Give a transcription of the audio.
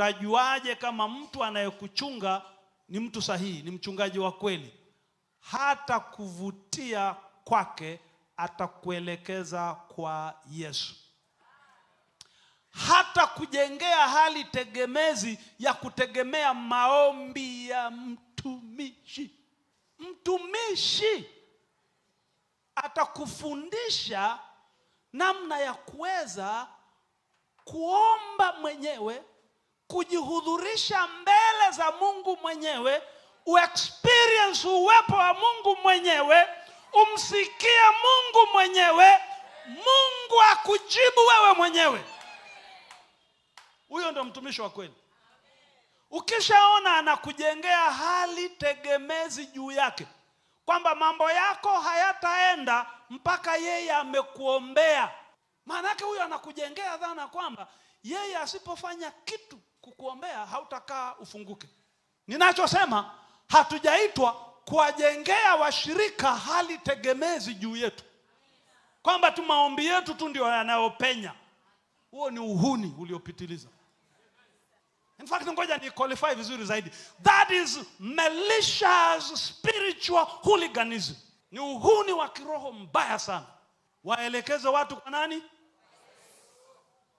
Utajuaje kama mtu anayekuchunga ni mtu sahihi, ni mchungaji wa kweli? Hata kuvutia kwake atakuelekeza kwa Yesu, hata kujengea hali tegemezi ya kutegemea maombi ya mtumishi. Mtumishi atakufundisha namna ya kuweza kuomba mwenyewe kujihudhurisha mbele za Mungu mwenyewe, uexperience uwepo wa Mungu mwenyewe, umsikie Mungu mwenyewe, Mungu akujibu wewe mwenyewe. Huyo ndo mtumishi wa kweli. Ukishaona anakujengea hali tegemezi juu yake kwamba mambo yako hayataenda mpaka yeye amekuombea, maanaake huyo anakujengea dhana kwamba yeye asipofanya kitu kukuombea hautakaa ufunguke. Ninachosema, hatujaitwa kuwajengea washirika hali tegemezi juu yetu, kwamba tu maombi yetu tu ndio yanayopenya. Huo ni uhuni uliopitiliza. In fact, ngoja ni qualify vizuri zaidi, that is malicious spiritual hooliganism. Ni uhuni wa kiroho mbaya sana. Waelekeze watu kwa nani?